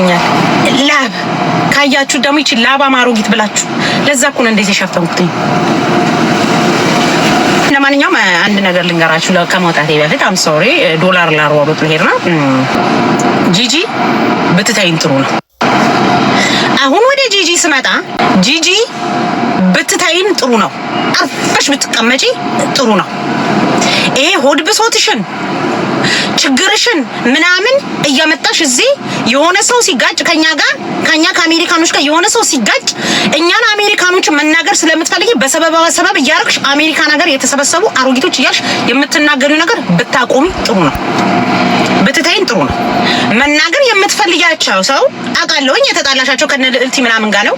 ይገኛል ላብ ካያችሁ ደግሞ ይቺ ላባ ማሮጊት ብላችሁ ለዛ እኮ ነው እንደዚህ የሸፈንኩት። ለማንኛውም አንድ ነገር ልንገራችሁ ከመውጣቴ በፊት አም ሶሪ ዶላር ላርዋ በጥሄር ነው ጂጂ ብትተይን ጥሩ ነው። አሁን ወደ ጂጂ ስመጣ ጂጂ ብትታይን ጥሩ ነው። አርፈሽ ብትቀመጪ ጥሩ ነው። ይሄ ሆድ ብሶትሽን ችግርሽን ምናምን እያመጣሽ እዚህ የሆነ ሰው ሲጋጭ ከኛ ጋር ከኛ ከአሜሪካኖች ጋር የሆነ ሰው ሲጋጭ እኛን አሜሪካኖች መናገር ስለምትፈልጊ በሰበባ ሰበብ እያረግሽ አሜሪካን ሀገር የተሰበሰቡ አሮጊቶች እያልሽ የምትናገሪው ነገር ብታቆሚ ጥሩ ነው። ብትተይኝ ጥሩ ነው። መናገር የምትፈልጊያቸው ሰው አውቃለሁኝ። የተጣላሻቸው ከነ ልዕልቲ ምናምን ጋር ነው።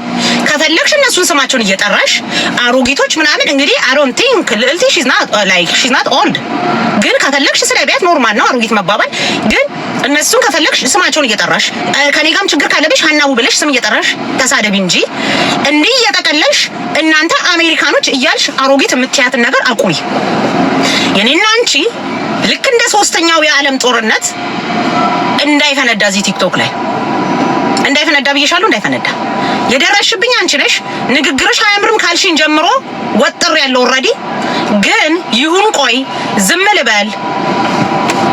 ከፈለግሽ እነሱን ስማቸውን እየጠራሽ አሮጊቶች ምናምን እንግዲህ አይ ዶንት ቲንክ ልዕልቲ ሺዝ ናት ላይክ ሺዝ ናት ኦልድ፣ ግን ከፈለግሽ ስለ ቢያት ኖርማል ነው አሮጊት መባባል። ግን እነሱን ከፈለግሽ ስማቸውን እየጠራሽ uh, ከኔ ጋርም ችግር ካለብሽ ሀናቡ ብለሽ ስም እየጠራሽ ተሳደቢ እንጂ እንዲህ እየጠቀለሽ እናንተ አሜሪካኖች እያልሽ አሮጊት የምትያትን ነገር አቁሚ። የኔና አንቺ ልክ እንደ ሶስተኛው የዓለም ጦርነት እንዳይፈነዳ እዚህ ቲክቶክ ላይ እንዳይፈነዳ ብዬሻለሁ። እንዳይፈነዳ የደረሽብኝ አንቺ ነሽ። ንግግርሽ አያምርም ካልሽኝ ጀምሮ ወጥር ያለው ኦልሬዲ ግን ይሁን ቆይ ዝም ልበል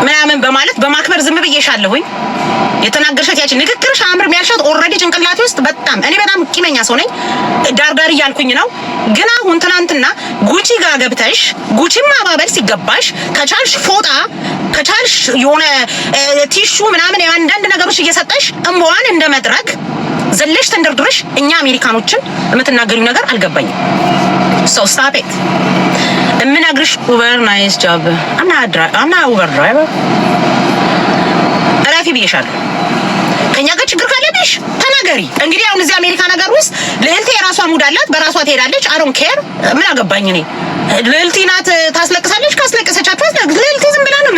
ምናምን በማለት በማክበር ዝም ብዬሻለሁኝ። የተናገርሻት ያቺ ንግግርሽ አምር የሚያልሻት ኦልሬዲ ጭንቅላቴ ውስጥ በጣም እኔ በጣም ቂመኛ ሰው ነኝ፣ ዳርዳር እያልኩኝ ነው። ግን አሁን ትናንትና ጉቺ ጋር ገብተሽ ጉቺም አባበል ሲገባሽ ከቻልሽ ፎጣ ከቻልሽ የሆነ ቲሹ ምናምን የአንዳንድ ነገሮች እየሰጠሽ እምቧን እንደ መድረክ ዘለሽ ተንደርድረሽ እኛ አሜሪካኖችን የምትናገሪው ነገር አልገባኝም። ሰው ስታፔት የምነግርሽ ኡበር ናይስ ጃብ አምና አምና ኡበር ድራይቨር አትለፊ ብዬሻለሁ። ከኛ ጋር ችግር ሄደሽ ተናገሪ። እንግዲህ አሁን እዚህ አሜሪካ ነገር ውስጥ ልዕልቴ የራሷ ሙድ አላት፣ በራሷ ትሄዳለች። አሮን ኬር ምን አገባኝ እኔ። ልዕልቴ ናት ታስለቅሳለች። ካስለቀሰቻችሁ ልዕልቴ ዝም ብላ ነው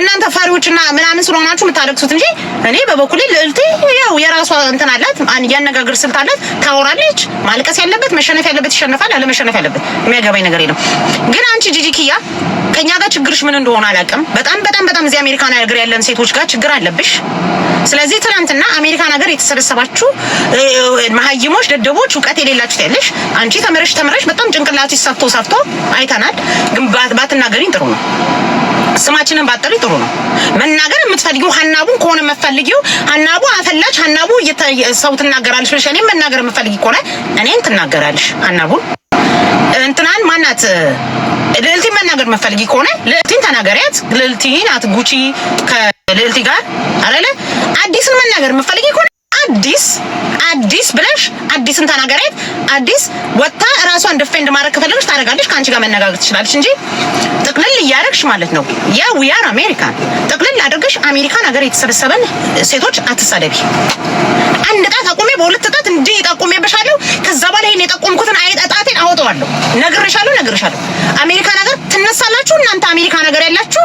እናንተ ፋሪዎችና ምናምን ስለሆናችሁ የምታለቅሱት እንጂ እኔ በበኩሌ ልዕልቴ ያው የራሷ እንትን አላት፣ ያነጋገር ስልት አላት፣ ታወራለች። ማልቀስ ያለበት መሸነፍ ያለበት ይሸነፋል፣ መሸነፍ ያለበት የሚያገባኝ ነገር የለም። ግን አንቺ ጂጂኪያ ከኛ ጋር ችግርሽ ምን እንደሆነ አላውቅም። በጣም በጣም በጣም እዚህ አሜሪካን ሀገር ያለን ሴቶች ጋር ችግር አለብሽ። ስለዚህ ትናንትና አሜሪካን ሀገር የተሰበሰባችሁ መሀይሞች፣ ደደቦች፣ እውቀት የሌላችሁ ያለሽ አንቺ ተምረሽ ተምረሽ በጣም ጭንቅላት ሰፍቶ ሰፍቶ አይተናል። ግን ባትናገሪኝ ጥሩ ነው። ስማችንን ባጠሪ ጥሩ ነው። መናገር የምትፈልጊው ሀናቡን ከሆነ የምትፈልጊው ሀናቡ አፈላች ሀናቡ ሰው ትናገራለች ብለሽ እኔም መናገር የምትፈልጊ ከሆነ እኔን ትናገራለሽ ሀናቡን እንትናን ማናት ልዕልቲን መናገር መፈልጊ ከሆነ ልዕልቲን ተናገሪያት። ልዕልቲ ናት ጉቺ ከልዕልቲ ጋር አረለ አዲስን መናገር መፈልጊ ከሆነ አዲስ አዲስ ብለሽ አዲስን ተናገሪያት። አዲስ ወጥታ ራሷን ዲፌንድ ማድረግ ከፈለገች ታደርጋለች፣ ከአንቺ ጋር መነጋገር ትችላለች እንጂ ጥቅልል እያደረግሽ ማለት ነው። ያ ዊ አር አሜሪካን ጥቅልል አድርገሽ አሜሪካን ሀገር የተሰበሰበን ሴቶች አትሳደቢ። አንድ ጣት አቁሜ በሁለት ጣት እንዲህ ጠቁሜብሻለሁ። ከዛ በኋላ ይሄን የጠቆምኩትን አይ ጣቴን አወጣዋለሁ። ነግሬሻለሁ፣ ነግሬሻለሁ። አሜሪካን ሀገር ትነሳላችሁ እናንተ አሜሪካን ሀገር ያላችሁ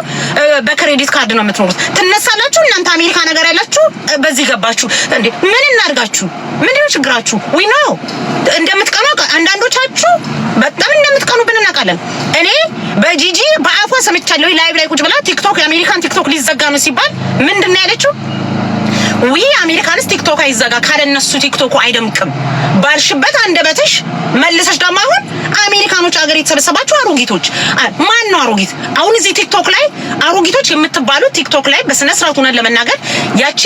በክሬዲት ካርድ ነው የምትኖሩት። ትነሳላችሁ እናንተ አሜሪካን ሀገር ያላችሁ በዚህ ገባችሁ እንዴ ምን እናድርጋችሁ? ነው ችግራችሁ? ዊ ኖ እንደምትቀኑ አንዳንዶቻችሁ በጣም ብን እናውቃለን። እኔ በጂጂ በአፏ ሰምቻለሁ። ላይቭ ላይ ቁጭ ብላ ቲክቶክ የአሜሪካን ቲክቶክ ሊዘጋ ነው ሲባል ምንድን ነው ያለችው? ውይ አሜሪካንስ ቲክቶክ አይዘጋ ካለ እነሱ ቲክቶኩ አይደምቅም ባልሽበት አንደበትሽ መልሰሽ ደግሞ አሁን አሜሪካኖች አገር የተሰበሰባችሁ አሮጊቶች፣ ማን ነው አሮጊት? አሁን እዚህ ቲክቶክ ላይ አሮጊቶች የምትባሉት ቲክቶክ ላይ በስነ ስርዓት ሆነን ለመናገር ያቺ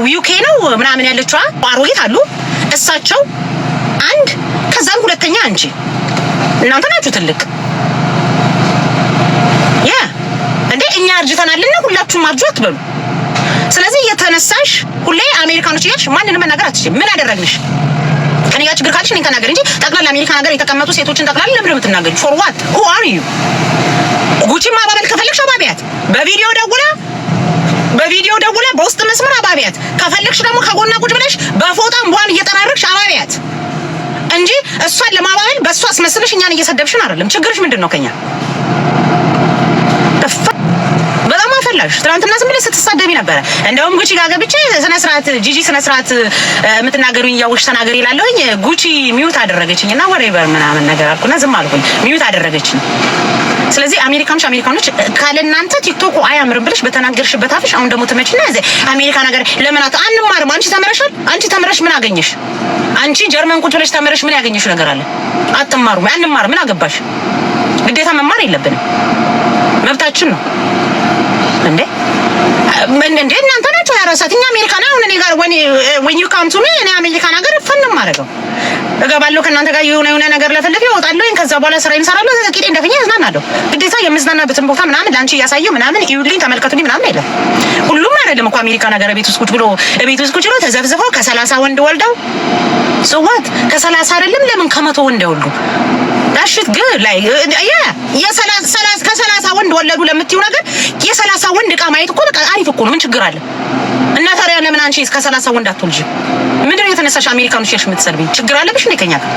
የዩኬ ነው ምናምን ያለችዋ አሮጊት አሉ እሳቸው አንድ፣ ከዛም ሁለተኛ አንቺ እናንተ ናችሁ ትልቅ ያ እንዴ እኛ አርጅተናልና ሁላችሁም አርጁ አትበሉ። ስለዚህ እየተነሳሽ ሁሌ አሜሪካኖች እያልሽ ማንንም መናገር አትችይም። ምን አደረግንሽ? ከኔ ጋር ችግር ካለሽ እኔን ተናገር እንጂ ጠቅላላ አሜሪካ ነገር የተቀመጡ ሴቶችን ጠቅላላ ለምንድን ነው የምትናገሪው? ፎር ዋት ሁ አር ዩ? ጉቺ ማባበል ከፈለግሽ አባቢያት በቪዲዮ ደውላ በቪዲዮ ደውላ በውስጥ መስመር አባቢያት፣ ከፈለግሽ ደግሞ ከጎና ቁጭ ብለሽ በፎጣ ቧን እየጠራረግሽ አባቢያት እንጂ እሷን ለማባበል በእሷ አስመስልሽ እኛን እየሰደብሽን አይደለም። ችግርሽ ምንድን ነው ከኛ ታውቂያለሽ። ትናንትና ዝም ብለሽ ስትሳደቢ ነበረ። እንደውም ጉቺ ጋር ገብቼ ስነ ስርዓት ጂጂ ስነ ስርዓት የምትናገሩኝ እያወቅሽ ተናገሪ ይላለሁኝ። ጉቺ ሚዩት አደረገችኝ እና ወሬበር ምናምን ነገር አልኩና ዝም አልኩኝ። ሚዩት አደረገችኝ። ስለዚህ አሜሪካኖች አሜሪካኖች ካለ እናንተ ቲክቶኩ አያምርም ብለሽ በተናገርሽበት አፍሽ አሁን ደግሞ ትመጪና እዚህ አሜሪካ ነገር ለምን አት አንማርም? አንቺ ተመረሻል። አንቺ ተመረሽ ምን አገኘሽ? አንቺ ጀርመን ቁጭ ብለሽ ተመረሽ ምን ያገኘሽ ነገር አለ? አትማሩም፣ አንማርም። ምን አገባሽ? ግዴታ መማር የለብንም መብታችን ነው። እንዴ እናንተ ናችሁ ያረሳት። እኛ አሜሪካና አሁን እኔ ጋር ወን ዩ ካም ቱ ሚ እኔ አሜሪካን ሀገር ፈን ማድረገው እገባለሁ ከእናንተ ጋር የሆነ የሆነ ነገር ለፈልፍ ይወጣለሁ። ከዛ በኋላ ስራ ይሰራለሁ። ጥቂት እንደፈኛ እዝናናለሁ። ግዴታ የምዝናናበትን ቦታ ምናምን ለአንቺ እያሳየው ምናምን ይሁልኝ ተመልከቱኝ ምናምን አይለም። ሁሉም አይደለም እኮ አሜሪካን ሀገር ቤት ውስጥ ቁጭ ብሎ ቤት ውስጥ ቁጭ ብሎ ተዘፍዝፈው ከሰላሳ ወንድ ወልደው ስዋት ከሰላሳ አይደለም ለምን ከመቶ ወንድ ወልዱ ዳሽት ግ ላይ ከሰላሳ ወንድ ወለዱ ለምትዩ ነገር የሰላሳ ወንድ እቃ ማየት እኮ በቃ አሪፍ እኮ ነው። ምን ችግር አለ? እና ታዲያ ለምን አንቺ እስከ 30 ወንድ አትወልጂ? ምንድነው የተነሳሽ አሜሪካን ነው ሸሽ የምትሰርቢኝ? ችግር አለብሽ ነው ከኛ ጋር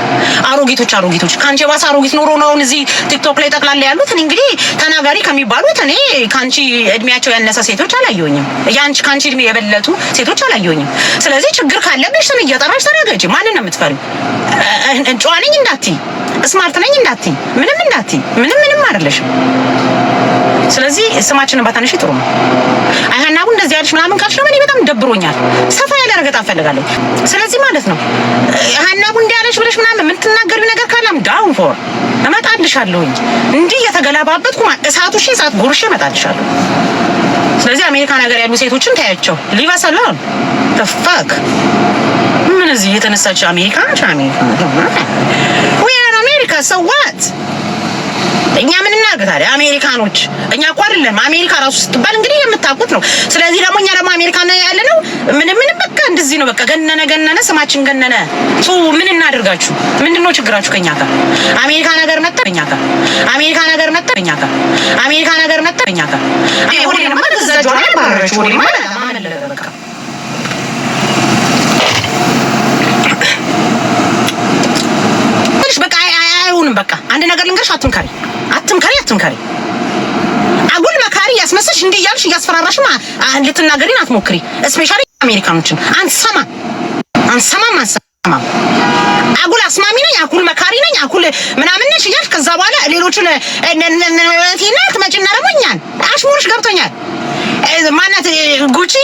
አሮጊቶች አሮጊቶች ካንቺ ባሰ አሮጊት ኖሮ ነው አሁን እዚህ ቲክቶክ ላይ ጠቅላላ ያሉት። እኔ እንግዲህ ተናጋሪ ከሚባሉት እኔ ካንቺ እድሜያቸው ያነሳ ሴቶች አላየሁኝም። ያንቺ ካንቺ እድሜ የበለጡ ሴቶች አላየሁኝም። ስለዚህ ችግር ካለብሽ ስም እየጠራሽ ተናገጂ። ማንን ነው የምትፈሪ? ጨዋ ነኝ እንዳትዪ፣ ስማርት ነኝ እንዳትዪ፣ ምንም እንዳትዪ፣ ምንም ምንም አይደለሽም። ስለዚህ ስማችንን ባታነሺ ጥሩ ነው። አይሃና አሁን እንደዚህ ያልሽ ምናምን ካልሽ ነው እኔ በጣም ደብሮኛል። ሰፋ ያለ ረገጣ እፈልጋለሁ። ስለዚህ ማለት ነው አይሃና አሁን እንዲህ ያለሽ ብለሽ ምናምን የምትናገሪው ነገር ካለም ዳውን ፎር እመጣልሻለሁኝ። እንዲህ የተገላባበጥኩ እሳቱ ሺህ እሳት ጎርሼ እመጣልሻለሁ። ስለዚህ አሜሪካ ነገር ያሉ ሴቶችን ታያቸው ሊባሰላል አላል ተፋክ ምን እዚህ የተነሳች አሜሪካ ወይ አሜሪካ ሰዋት እኛ ምን እናድርግ ታዲያ? አሜሪካኖች እኛ እኮ አይደለም አሜሪካ ራሱ ስትባል እንግዲህ የምታውቁት ነው። ስለዚህ ደግሞ እኛ ደግሞ አሜሪካ ነው ያለ ነው ምን ምን በቃ እንደዚህ ነው። በቃ ገነነ ገነነ ስማችን ገነነ። ምን እናደርጋችሁ? ምንድነው ችግራችሁ ከኛ ጋር? አሜሪካ ነገር መጣ ከኛ ጋር አሜሪካ ነገር መጣ ከኛ ጋር አሜሪካ ነገር መጣ ከኛ ጋር ነው ማለት ማለት ማለት ዘጆ አይ ለበቃ በቃ አይሆንም። በቃ አንድ ነገር ልንገርሽ፣ አትምከሪ፣ አትምከሪ፣ አትምከሪ። አጉል መካሪ እያስመሰልሽ እንዲህ እያልሽ እያስፈራራሽም ልትናገሪን አትሞክሪ። ስፔሻሊ አሜሪካኖችን አንሰማ አንሰማም፣ አንሰማም። አጉል አስማሚ ነኝ፣ አጉል መካሪ ነኝ፣ አጉል ምናምን ነሽ እያልሽ ከዛ በኋላ ሌሎቹን ቴና ትመጪና ደግሞ እኛን አሽሙርሽ ገብቶኛል። ማናት ጉቺ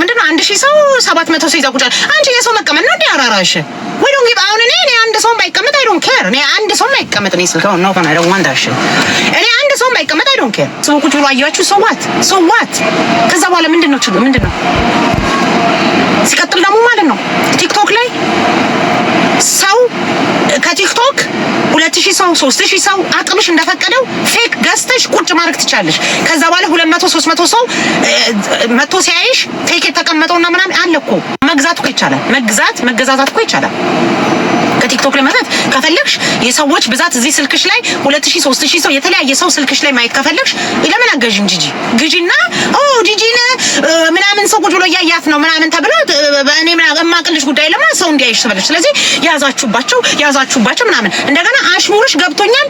ምንድነው? አንድ ሺህ ሰው ሰባት መቶ ሰው ይዛ ቁጭ አንቺ የሰው መቀመጥ ነው እንዴ አራራሽ? ወይ ዶንት ጊቭ አሁን እኔ እኔ አንድ ሰው ባይቀመጥ አይ ዶንት ኬር። እኔ አንድ ሰው ባይቀመጥ ነው ስልከው ነው ካና አይ ዶንት ዋንት አሽ እኔ አንድ ሰው ባይቀመጥ አይ ዶንት ኬር። ሰው ቁጭ ብሎ አያችሁ። ሰው ዋት ሰው ዋት። ከዛ በኋላ ምንድነው ችግሩ ምንድነው? ሲቀጥል ደግሞ ማለት ነው ቲክቶክ ላይ ሰው ከቲክቶክ ሁለት ሺህ ሰው ሶስት ሺህ ሰው አቅምሽ እንደፈቀደው ፌክ ገዝተሽ ቁጭ ማድረግ ትቻለሽ። ከዛ በኋላ ሁለት መቶ ሶስት መቶ ሰው መቶ ሲያይሽ ፌክ የተቀመጠውና ምናምን አለ እኮ መግዛት እኮ ይቻላል። መግዛት መገዛዛት እኮ ይቻላል። ከቲክቶክ ላይ መስራት ከፈለግሽ የሰዎች ብዛት እዚህ ስልክሽ ላይ 2000 3000 ሰው የተለያየ ሰው ስልክሽ ላይ ማየት ከፈለግሽ ለምን አገዥም ጂጂ ግዢና ኦ ጂጂን ምናምን ሰው ቁጭ ብሎ እያያት ነው ምናምን ተብሎ እኔ አማቅልሽ ጉዳይ ለማ ሰው እንዲያይሽ ትበለች። ስለዚህ ያዛችሁባቸው ያዛችሁባቸው ምናምን እንደገና አሽሙርሽ ገብቶኛል።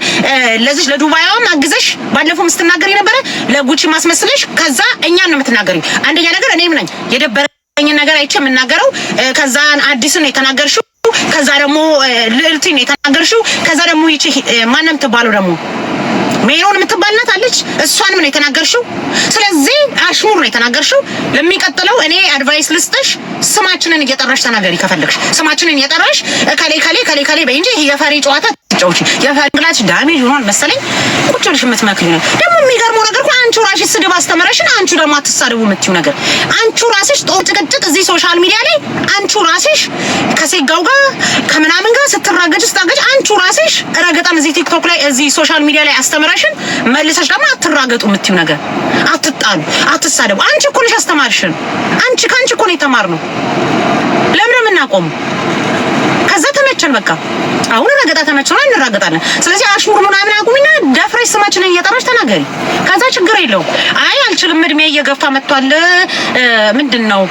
ለዚህ ለዱባይዋም አግዘሽ ባለፈው ምስትናገሪ ነበረ ለጉቺ ማስመስለሽ ከዛ እኛ ነው የምትናገሪው። አንደኛ ነገር እኔም ነኝ የደበረኝ ነገር አይቼ የምናገረው ከዛን አዲስን የተናገርሽው ከዛ ደግሞ ልዕልቱን የተናገርሽው ከዛ ደግሞ ይቺ ማንም ትባሉ ደግሞ ሜሮን የምትባል ናት አለች። እሷንም ነው የተናገርሽው። ስለዚህ አሽሙር ነው የተናገርሽው። ለሚቀጥለው እኔ አድቫይስ ልስጥሽ፣ ስማችንን እየጠራሽ ተናገሪ ከፈለግሽ። ስማችንን እየጠራሽ ከሌ ከሌ ከሌ ከሌ በይ እንጂ የፈሪ ጨዋታ ትጫውቺ የፈንግላች ዳሜጅ ሆኗል መሰለኝ ቁጭ ብለሽ የምትመክሪ ነው። ደግሞ የሚገርመው ነገር እኮ አንቺው ራሽ ስድብ አስተምረሽን፣ አንቺው ደግሞ አትሳደቡ የምትይው ነገር አንቺው ራስሽ ጦር ጭቅጭቅ እዚህ ሶሻል ሚዲያ ላይ አንቺው ራስሽ ከሴጋው ጋር ከምናምን ጋር ስትራገጅ ስታገጅ አንቺው ራስሽ ረገጣን እዚህ ቲክቶክ ላይ እዚህ ሶሻል ሚዲያ ላይ አስተምረ አስተምረሽን መልሰሽ ደግሞ አትራገጡ የምትይው ነገር፣ አትጣሉ፣ አትሳደቡ። አንቺ እኮ ነሽ አስተማርሽን። አንቺ ከአንቺ እኮ ነው የተማርነው። ለምን ምን የምናቆመው? ከዛ ተመቸን በቃ አሁን ረገጣ ተመቸና እንራገጣለን። ስለዚህ አሽሙር ምናምን አቁሚና ደፍረሽ ስማችን እየጠራሽ ተናገሪ። ከዛ ችግር የለው። አይ አልችልም፣ እድሜ እየገፋ መጥቷል። ምንድን ነው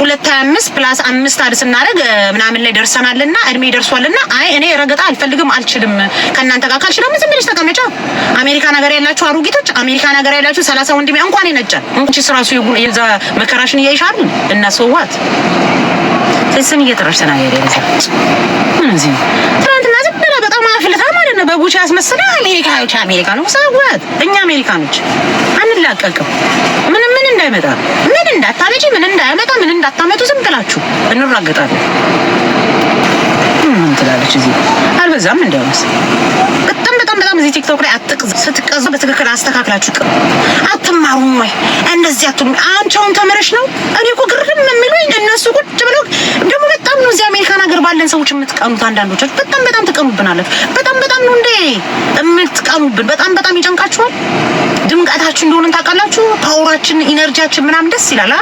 ሁለት ሀያ አምስት ፕላስ አምስት አድ ስናደርግ ምናምን ላይ ደርሰናልና እድሜ ደርሷልና፣ አይ እኔ ረገጣ አልፈልግም፣ አልችልም፣ ከእናንተ ጋር ካልችልም ዝም ብለሽ ተቀመጫ። አሜሪካ ነገር ያላችሁ አሮጊቶች፣ አሜሪካ ነገር ያላችሁ ሰላሳ ወንድሜ እንኳን ይነጫል። እንቺ ስራሱ የዛ መከራሽን እያይሻሉ እና ሰዋት ስን እየጠራሽ ተናገሪ። እነዚህ ትናንትና ዝም ብላ በጣም አፍልታ ማለት ነው በቡቻ ያስመስላ አሜሪካ ቻ አሜሪካ ነው ሰዋት እኛ አሜሪካኖች አንላቀቅም። ምን ምን እንዳይመጣ ምን እንዳታመጪ ምን እንዳያመጣ ምን እንዳታመጡ ዝም ብላችሁ እንራገጣለን። ምን ትላለች እዚህ አልበዛም እንዳይሆንስ እዚህ ቲክቶክ ላይ አትቅዝ ስትቀዙ በትክክል አስተካክላችሁ ቅር አትማሩም ወይ እንደዚህ አትሉ አንቺ አሁን ተምረሽ ነው እኔ እኮ ግርም የሚሉኝ እነሱ ቁጭ ሀገር ባለን ሰዎች የምትቀኑት አንዳንዶቻችሁ በጣም በጣም ትቀኑብናላችሁ። በጣም በጣም ነው እንዴ የምትቀኑብን። በጣም በጣም ይጨንቃችኋል። ድምቀታችን እንደሆነ ታውቃላችሁ። ፓወራችን፣ ኢነርጂያችን ምናምን ደስ ይላል።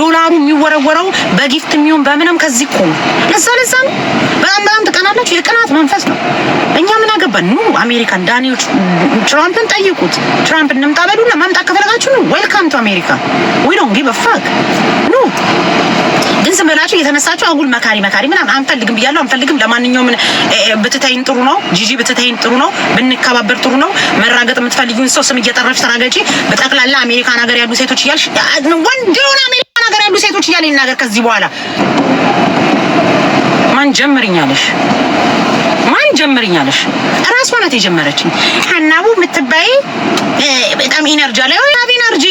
ዶላሩ የሚወረወረው በጊፍት የሚሆን በምንም ከዚህ እኮ ነው። ለዛ ለዛ ነው በጣም በጣም ትቀናላችሁ። የቅናት መንፈስ ነው። እኛ ምን አገባን? ኑ አሜሪካን ዳንኤል ትራምፕን ጠይቁት። ትራምፕ እንምጣ በሉና መምጣት ከፈለጋችሁ ዌልካም ቱ አሜሪካ ዊ ዶንት ጊቭ አ ፋክ ኑ ግን ዝም ብላችሁ የተነሳችሁ አጉል መካሪ መካሪ ምናምን አንፈልግም ብያለሁ። አንፈልግም። ለማንኛውም ብትተይን ጥሩ ነው። ጂጂ ብትተይን ጥሩ ነው። ብንከባበር ጥሩ ነው። መራገጥ የምትፈልጊውን ሰው ስም እየጠራሽ ተራገጪ። በጠቅላላ አሜሪካን ሀገር ያሉ ሴቶች እያልሽ ወንድ የሆነ አሜሪካን ሀገር ያሉ ሴቶች እያለ ይናገር ከዚህ በኋላ ማን ጀምርኛለሽ? ማን ጀምርኛለሽ? ራሷ ናት የጀመረችኝ። ሀናቡ የምትባይ በጣም ኢነርጂ አለ። ኢነርጂ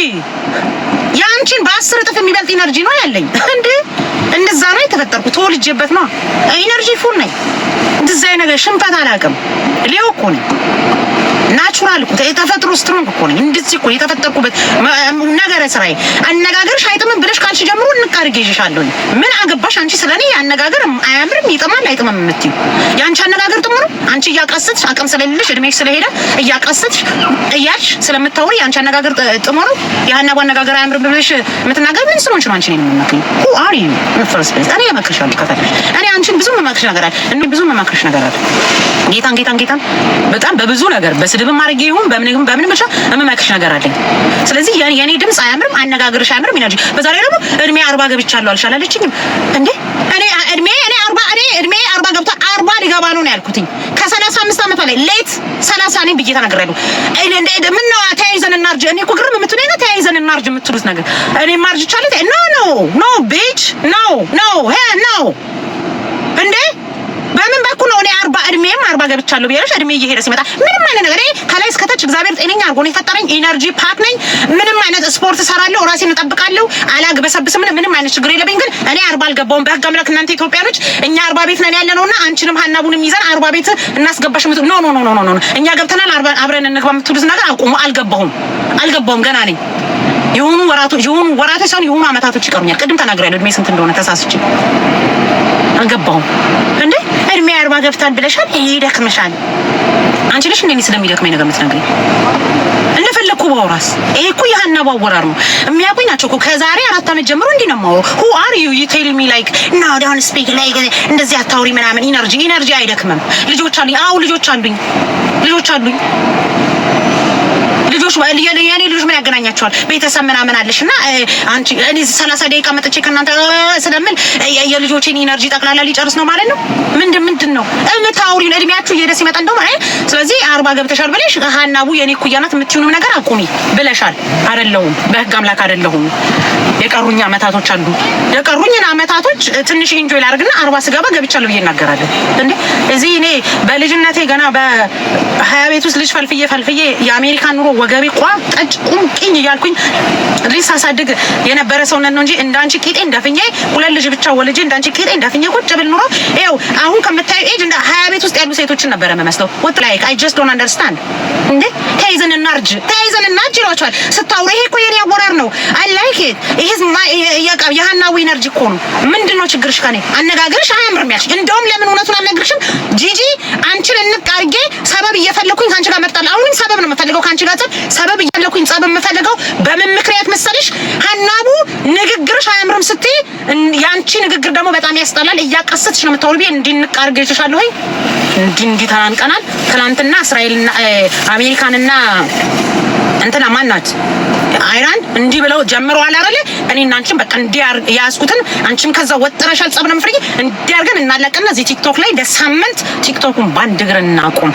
የአንቺን በአስር እጥፍ የሚበልጥ ኢነርጂ ነው ያለኝ እንዴ እንደዛ ነው የተፈጠርኩት። ተወልጄበት ነው። ኢነርጂ ፉል ነኝ። እንደዛ ነገር ሽንፈት አላውቅም። ሌው እኮ ነኝ። ናቹራል የተፈጥሮ ስትሮንግ እኮ ነኝ። እንደዚህ እኮ የተፈጠርኩበት ነገረ ስራዬ አነጋገርሽ አይጥምም ብለሽ ካልሽ ጀምሮ እንቃርግ ይዤሻለሁኝ። ምን አገባሽ አንቺ ስለኔ አነጋገር አያምርም ይጥማል አይጥምም የምትይው የአንቺ አነጋገር ጥሙ ነው። አንቺ እያቃስትሽ አቅም ስለሌለሽ እድሜሽ ስለሄደ እያቃስትሽ እያልሽ ስለምታወሪ የአንቺ አነጋገር ጥሙ ነው። ያህና አነጋገር አያምርም ብለሽ የምትናገር ምን ስለሆንሽ ነው? አንቺ ነው የምመክኝ ሁ አሪ ፈርስ ቤዝ እኔ እመክርሻለሁ ከፈለሽ እኔ አንቺን ብዙ መማክርሽ ነገር አለ። እኔ ብዙ መማክርሽ ነገር አለ። ጌታን ጌታን ጌታን በጣም በብዙ ነገር በስ በስድብም አድርጌ ይሁን በምንም በምን ብቻ የምመክሽ ነገር አለኝ። ስለዚህ የኔ ድምጽ አያምርም፣ አነጋግርሽ አያምርም ይላል። በዛሬ ደግሞ እድሜ አርባ ገብቻለሁ አልሻላለችኝም እንዴ እኔ እድሜ እኔ አርባ እኔ እድሜ አርባ ገብቶ አርባ ሊገባ ነው ያልኩትኝ ከሰላሳ አምስት ዓመቷ ላይ ሌት ሰላሳ ነኝ ብዬ ተናግሬያለሁ። ምን ነው ተያይዘን እናርጅ? እኔ እኮ ግርም የምትሉኝ ነው ተያይዘን እናርጅ የምትሉት ነገር እኔ ማርጅ ኖ ኖ ኖ ቢች ኖ ኖ ሄ ኖ እንዴ በምን በኩል ነው እኔ አርባ እድሜም አርባ ገብቻለሁ ብያለሽ። እድሜ እየሄደ ሲመጣ ምንም አይነት ነገር እኔ ከላይ እስከታች እግዚአብሔር ጤነኛ አድርጎ ነው የፈጠረኝ። ኢነርጂ ፓክ ነኝ። ምንም አይነት ስፖርት እሰራለሁ፣ ራሴን እጠብቃለሁ፣ አላግበሰብስም። ምንም አይነት ችግር የለብኝ። ግን እኔ አርባ አልገባውም። በህግ አምላክ እናንተ ኢትዮጵያኖች እኛ አርባ ቤት ነን ያለ ነውና አንቺንም ሀናቡንም ይዘን አርባ ቤት እናስገባሽ። ኖ ኖ ኖ ኖ ኖ እኛ ገብተናል፣ አብረን እንግባ የምትሉት ነገር አቁሙ። አልገባሁም፣ አልገባሁም ገና ነኝ። የሆኑ ወራቶች የሆኑ ወራቶች ሳይሆን የሆኑ አመታቶች ይቀሩኛል። ቅድም ተናግሬያለሁ እድሜ ስንት እንደሆነ ተሳስቼ አልገባሁም እንዴ በእድሜ አርባ ገብታል ብለሻል። ይሄ ይደክመሻል። አንቺ ልሽ እንደኔ ስለሚደክመኝ ነገር የምትነግሪኝ እንደፈለግኩ ባውራስ። ይሄ እኮ የሀና ባወራር ነው። የሚያውቁኝ ናቸው እኮ ከዛሬ አራት አመት ጀምሮ እንዲህ ነው የማወራው። ሁ አር ዩ ዩ ቴል ሚ ላይክ ናው ዳውን ስፒክ ላይክ እንደዚህ አታውሪ ምናምን። ኢነርጂ ኢነርጂ አይደክምም። ልጆች አሉኝ። አዎ ልጆች አሉኝ። ልጆች አሉኝ ልጆች የኔ ልጆች ምን ያገናኛቸዋል? ቤተሰብ ምናምን አለሽ እና አንቺ እኔ ሰላሳ ደቂቃ መጥቼ ከእናንተ ስለምል የልጆችን ኢነርጂ ጠቅላላ ሊጨርስ ነው ማለት ነው። ምንድን ምንድን ነው እምታውሪን? እድሜያችሁ እየሄደ ሲመጣ እንደውም ስለዚህ አርባ ገብተሻል ብለሽ ሀናቡ የኔ እኩያ ናት የምትሆኑም ነገር አቁሚ ብለሻል። አይደለሁም፣ በህግ አምላክ አይደለሁም። የቀሩኝ አመታቶች አሉ። የቀሩኝን አመታቶች ትንሽ ኢንጆይ ላድርግና አርባ ስገባ ገብቻለሁ ብዬ እናገራለሁ። እንዴ እዚህ እኔ በልጅነቴ ገና በሀያ ቤት ውስጥ ልጅ ፈልፍዬ ፈልፍዬ የአሜሪካን ኑሮ ወገቤ ገቢ ቋም ቀጭ ቁምቅኝ እያልኩኝ ሪስ አሳድግ የነበረ ሰውነት ነው እንጂ እንዳንቺ ቂጤ እንደፍኜ ሁለት ልጅ ብቻ ወልጄ እንዳንቺ ቂጤ እንደፍኜ ቁጭ ብል ኑሮ ይኸው አሁን ከምታዩ ኤጅ እንደ ሀያ ቤት ውስጥ ያሉ ሴቶችን ነበረ መመስለው ወጥ ላይ አይ ጀስት ዶንት አንደርስታንድ እንዴ ተይዘን እናርጅ ተይዘን እናርጅ ይሏቸዋል ስታውሩ። ይሄ እኮ የኔ አወራር ነው። አይ ላይክ ኢት ይሄ የሀናዊ ኤነርጂ እኮ ነው። ምንድን ነው ችግርሽ? ከኔ አነጋገርሽ አያምርም ያልሽ። እንደውም ለምን እውነቱን አልነግርሽም ጂጂ አንቺን እንቅ አድርጌ ሰበብ እየፈለኩኝ ከአንቺ ጋር መጣል። አሁንም ሰበብ ነው የምፈልገው ከአንቺ ጋር ሰበብ እያለኩኝ ጸብ የምፈልገው በምን ምክንያት መሰለሽ? ሀናቡ ንግግርሽ አያምርም ስትይ ያንቺ ንግግር ደግሞ በጣም ያስጠላል። እያቀሰትሽ ነው የምታወሪ። እንዲንቅ አድርጌሻለሁ። እንዲ እንዲ ተናንቀናል። ትናንትና እስራኤልና አሜሪካንና እንትና ማናት አይራን እንዲህ ብለው ጀምረዋል አይደለ? እኔ እና አንቺም በቃ እንዲህ ያዝኩትን አንቺም ከዛ ወጥረሻል። ጸብ ነው የምትፈልጊ። እንዲህ አድርገን እናለቅና እዚህ ቲክቶክ ላይ ለሳምንት ቲክቶኩን ባንድ እግር እናቆም።